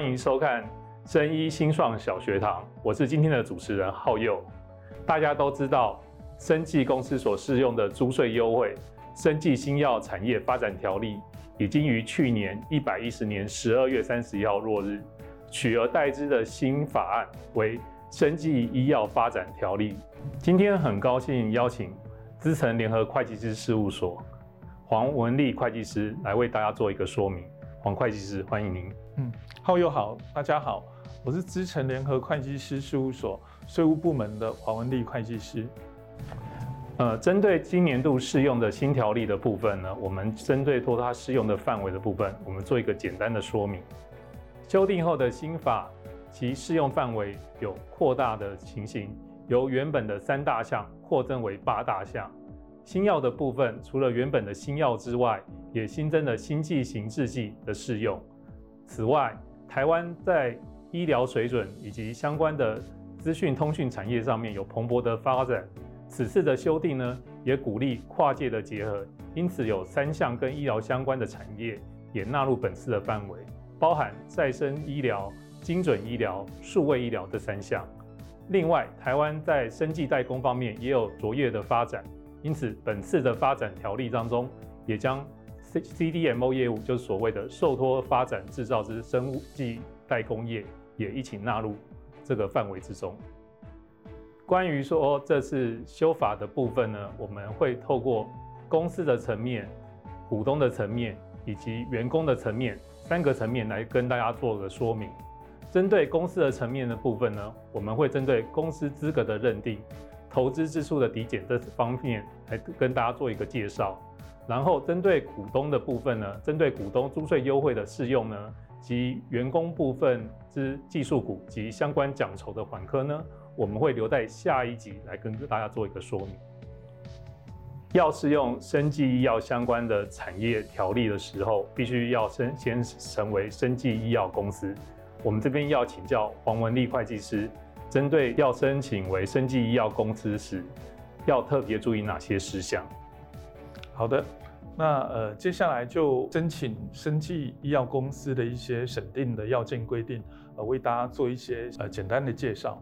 歡迎收看《生醫新創小學堂》，我是今天的主持人昊佑。大家都知道，生技公司所適用的租稅優惠《生技新藥產業發展條例》已經於去年一百一十年十二月三十一號落日，取而代之的新法案為《生技醫藥發展條例》。今天很高興邀請資誠聯合會計師事務所黃文利會計師來為大家做一個說明。黃會計師，歡迎您。嗯，好友好，大家好，我是資誠聯合會計師事務所稅務部門的黃文利會計師。呃，針對今年度適用的新條例的部分呢，我們針對托他適用的範圍的部分，我們做一個簡單的說明。修訂後的新法，其適用範圍有擴大的情形，由原本的三大項擴增為八大項。新藥的部分，除了原本的新藥之外，也新增了新劑型製劑的適用。此外，台灣在醫療水準以及相關的資訊通訊產業上面有蓬勃的發展。此次的修訂呢，也鼓勵跨界的結合，因此有三項跟醫療相關的產業也納入本次的範圍，包含再生醫療、精準醫療、數位醫療這三項。另外，台灣在生技代工方面也有卓越的發展，因此本次的發展條例當中也將。CDMO 業務就是所謂的受托發展制造之生物技代工業，也一起納入這個範圍之中。關於說這次修法的部分呢，我們會透過公司的層面、股東的層面以及員工的層面三個層面來跟大家做個說明。針對公司的層面的部分呢，我們會針對公司資格的認定、投資支出的抵減這方面來跟大家做一個介紹。然後，針對股東的部分呢，針對股東租稅優惠的適用呢，及員工部分之技術股及相關獎酬的緩課呢，我們會留在下一集來跟大家做一個說明。要適用生技醫藥相關的產業條例的時候，必須要先先成為生技醫藥公司。我們這邊要請教黃文利會計師，針對要申請為生技醫藥公司時，要特別注意哪些事項？好的。那呃，接下來就申請生技醫藥公司的一些審定的要件規定，呃，為大家做一些呃簡單的介紹。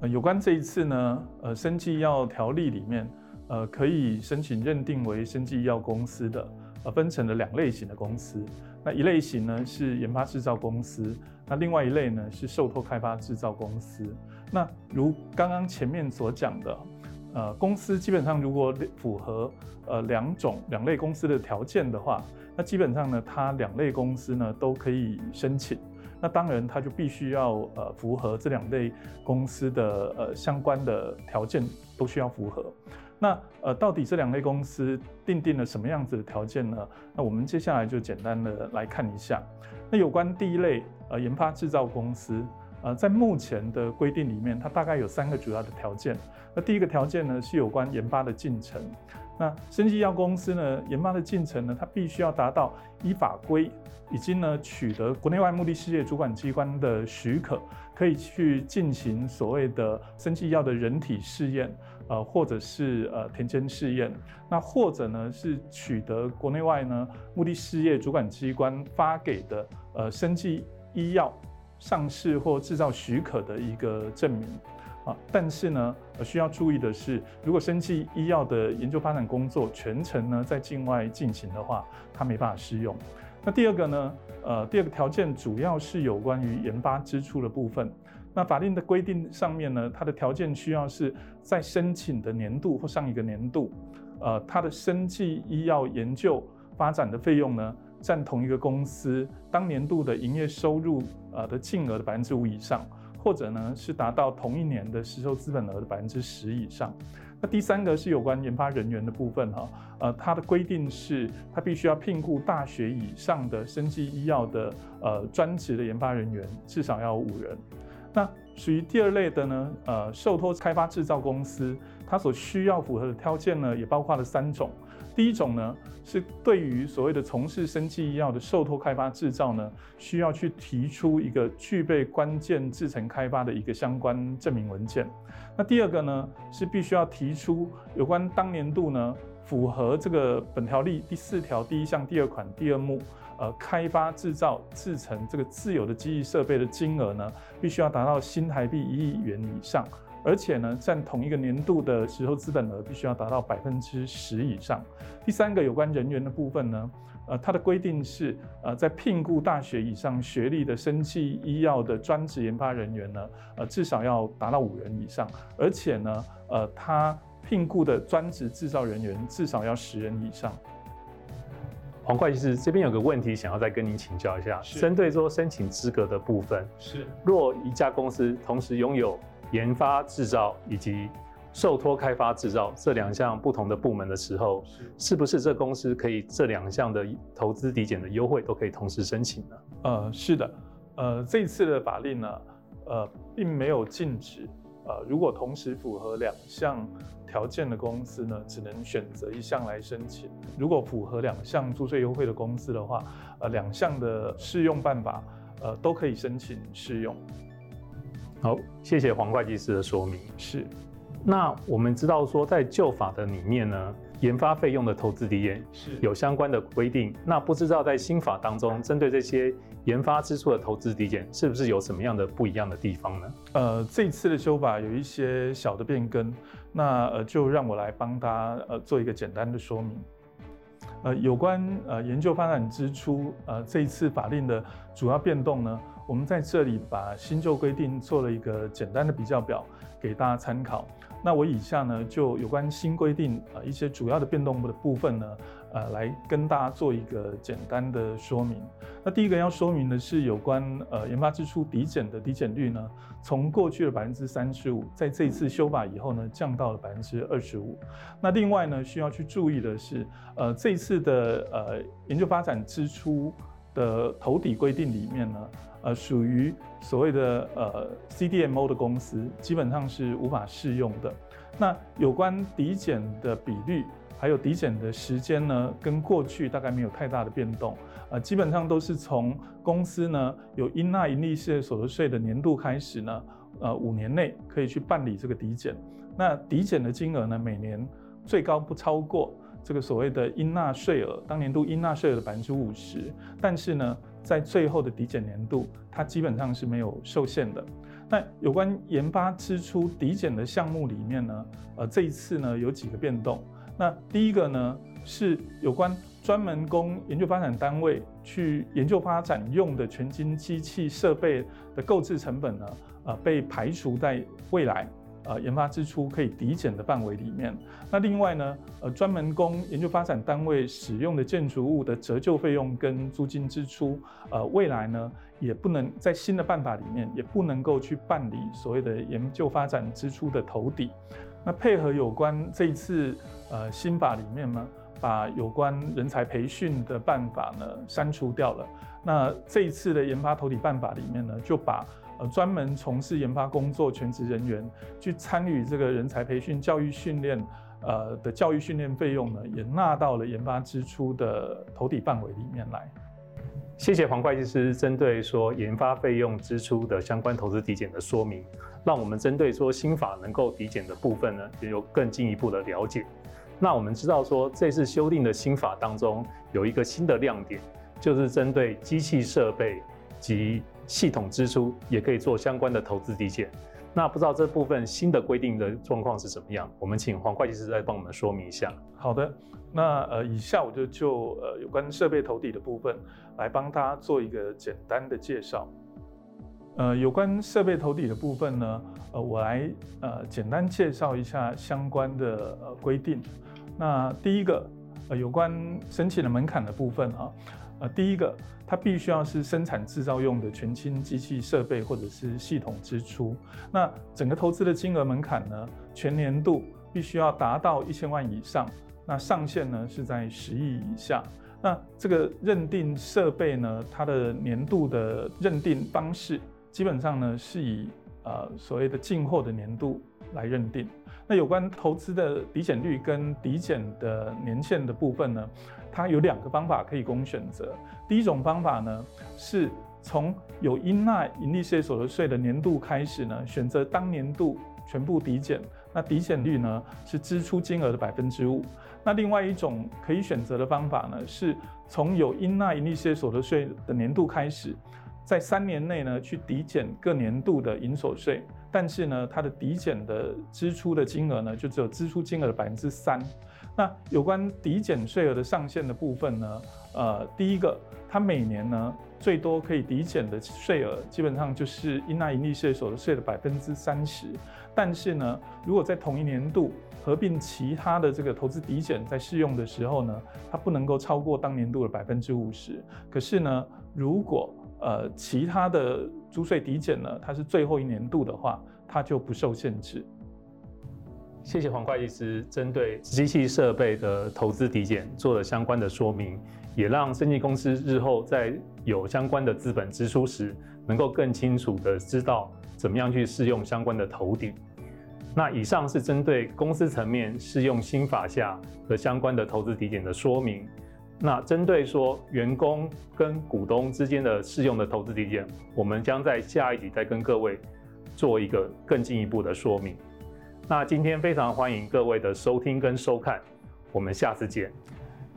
呃，有關這一次呢，呃，生技醫藥條例裡面，呃，可以申請認定為生技醫藥公司的，呃，分成了兩類型的公司。那一類型呢是研發製造公司，那另外一類呢是受託開發製造公司。那如剛剛前面所講的。呃，公司基本上如果符合呃兩種兩類公司的條件的話，那基本上呢，它兩類公司呢都可以申請。那當然，它就必須要呃符合這兩類公司的呃相關的條件都需要符合。那呃，到底這兩類公司定定了什麼樣子的條件呢？那我們接下來就簡單的來看一下。那有關第一類呃研發製造公司。呃，在目前的規定裡面，它大概有三個主要的條件。那第一個條件呢，是有關研發的進程。那生技醫藥公司呢，研發的進程呢，它必須要達到依法規，已經呢取得國內外目的事業主管機關的許可，可以去進行所謂的生技醫藥的人體試驗，呃，或者是呃田間試驗。那或者呢是取得國內外呢目的事業主管機關發給的呃生技醫藥上市或製造許可的一個證明，啊，但是呢，需要注意的是，如果生技醫藥的研究發展工作全程呢在境外進行的話，它沒辦法適用。那第二個呢，呃，第二個條件主要是有關於研發支出的部分。那法令的規定上面呢，它的條件需要是在申請的年度或上一個年度，呃，它的生技醫藥研究發展的費用呢，佔同一個公司當年度的營業收入呃的淨額的百分之五以上，或者呢是達到同一年的實收資本額的百分之十以上。那第三個是有關研發人員的部分哈，呃，它的規定是它必須要聘僱大學以上的生技醫藥的呃專職的研發人員，至少要有五人。那屬於第二類的呢，呃，受託開發製造公司，它所需要符合的條件呢，也包括了三種。第一種呢，是對於所謂的從事生技醫藥的受托開發制造呢，需要去提出一個具備關鍵制程開發的一個相關證明文件。那第二個呢，是必須要提出有關當年度呢，符合這個本條例第四條第一項第二款第二目，呃，開發制造制程這個自有的機器設備的金額呢，必須要達到新台幣一億元以上。而且呢，佔同一個年度的時候，資本額必須要達到百分之十以上。第三個有關人員的部分呢，呃，它的規定是，呃，在聘雇大學以上學歷的生技醫藥的專職研發人員呢，呃，至少要達到五人以上。而且呢，呃，他聘雇的專職製造人員至少要十人以上。黃會計師，這邊有個問題想要再跟您請教一下是，針對說申請資格的部分，是若一家公司同時擁有。研發製造以及受托開發製造這兩項不同的部門的時候，是不是這公司可以這兩項的投資抵減的優惠都可以同時申請呢？呃，是的，呃，這次的法令呢，呃，並沒有禁止，呃，如果同時符合兩項條件的公司呢，只能選擇一項來申請；如果符合兩項租稅優惠的公司的話，呃，兩項的適用辦法，呃，都可以申請適用。好，謝謝黃會計師的說明。是，那我們知道說，在舊法的裡面呢，研發費用的投資抵減是有相關的規定。那不知道在新法當中，針對這些研發支出的投資抵減，是不是有什麼樣的不一樣的地方呢？呃，這次的修法有一些小的變更，那呃，就讓我來幫他呃做一個簡單的說明。呃，有關呃研究發展支出呃這一次法令的主要變動呢，我們在這裡把新舊規定做了一個簡單的比較表，給大家參考。那我以下呢，就有關新規定啊、呃、一些主要的變動的部分呢，呃，來跟大家做一個簡單的說明。那第一個要說明的是有關呃研發支出抵減的抵減率呢，從過去的百分之三十五，在這一次修法以後呢，降到了百分之二十五。那另外呢，需要去注意的是，呃，這一次的呃研究發展支出。的投抵規定裡面呢，呃，屬於所謂的呃 CDMO 的公司基本上是無法適用的。那有關抵減的比率，還有抵減的時間呢，跟過去大概沒有太大的變動。呃，基本上都是從公司呢有應納營利事業所得稅的年度開始呢，呃，五年內可以去辦理這個抵減。那抵減的金額呢，每年最高不超過。這個所謂的應納稅額，當年度應納稅額的百分之五十，但是呢，在最後的抵減年度，它基本上是沒有受限的。那有關研發支出抵減的項目裡面呢，呃，這一次呢有幾個變動。那第一個呢，是有關專門供研究發展單位去研究發展用的全新機器設備的購置成本呢，呃，被排除在未來。呃，研發支出可以抵減的範圍裡面，那另外呢，呃，專門供研究發展單位使用的建築物的折舊費用跟租金支出，呃，未來呢也不能在新的辦法裡面，也不能夠去辦理所謂的研究發展支出的投抵。那配合有關這一次，呃，新法裡面呢，把有關人才培訓的辦法呢刪除掉了。那這一次的研發投抵辦法裡面呢，就把。呃，專門從事研發工作全職人員去參與這個人才培訓、教育訓練，呃的教育訓練費用呢，也納到了研發支出的投抵範圍裡面來。謝謝黃會計師針對說研發費用支出的相關投資抵減的說明，讓我們針對說新法能夠抵減的部分呢，也有更進一步的了解。那我們知道說這次修訂的新法當中有一個新的亮點，就是針對機器設備及系統支出也可以做相關的投資抵減，那不知道這部分新的規定的狀況是怎麼樣？我們請黃會計師來幫我們說明一下。好的，那呃，以下我就就呃有關設備投抵的部分來幫大家做一個簡單的介紹。呃，有關設備投抵的部分呢，呃，我來呃簡單介紹一下相關的呃規定。那第一個呃有關申請的門檻的部分哈、啊。啊、呃，第一個，它必須要是生產製造用的全新機器設備或者是系統支出。那整個投資的金額門檻呢，全年度必須要達到一千萬以上。那上限呢是在十億以下。那這個認定設備呢，它的年度的認定方式，基本上呢是以呃所謂的進貨的年度。來認定。那有關投資的抵減率跟抵減的年限的部分呢，它有兩個方法可以供選擇。第一種方法呢，是從有應納營利事業所得稅的年度開始呢，選擇當年度全部抵減，那抵減率呢是支出金額的百分之五。那另外一種可以選擇的方法呢，是從有應納營利事業所得稅的年度開始，在三年內呢去抵減各年度的營所稅。但是呢，它的抵減的支出的金額呢，就只有支出金額的百分之三。那有關抵減稅額的上限的部分呢，呃，第一個，它每年呢最多可以抵減的稅額，基本上就是應納營利稅所得稅的百分之三十。但是呢，如果在同一年度合併其他的這個投資抵減在適用的時候呢，它不能夠超過當年度的百分之五十。可是呢，如果呃，其他的租稅抵減呢，它是最後一年度的話，它就不受限制。謝謝黃會計師針對機器設備的投資抵減做了相關的說明，也讓生技公司日後在有相關的資本支出時，能夠更清楚地知道怎麼樣去適用相關的投抵。那以上是針對公司層面適用新法下和相關的投資抵減的說明。那針對說員工跟股東之間的適用的投資抵減，我們將在下一集再跟各位做一個更進一步的說明。那今天非常歡迎各位的收聽跟收看，我們下次見。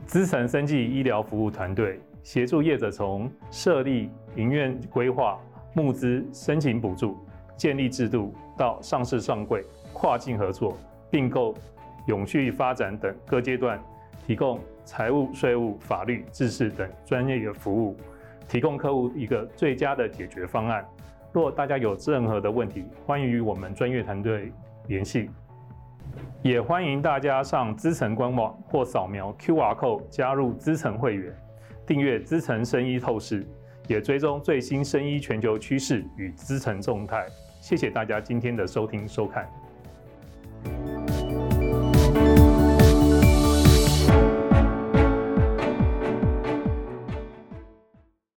資誠生技醫療服務團隊協助業者從設立、營運、規劃、募資、申請補助、建立制度到上市上櫃、跨境合作、併購、永續發展等各階段提供。財務、稅務、法律、知識等專業的服務，提供客戶一個最佳的解決方案。若大家有任何的問題，歡迎與我們專業團隊聯繫，也歡迎大家上資誠官網或掃描 QR Code 加入資誠會員，訂閱資誠生醫透視，也追蹤最新生醫全球趨勢與資誠動態。謝謝大家今天的收聽收看。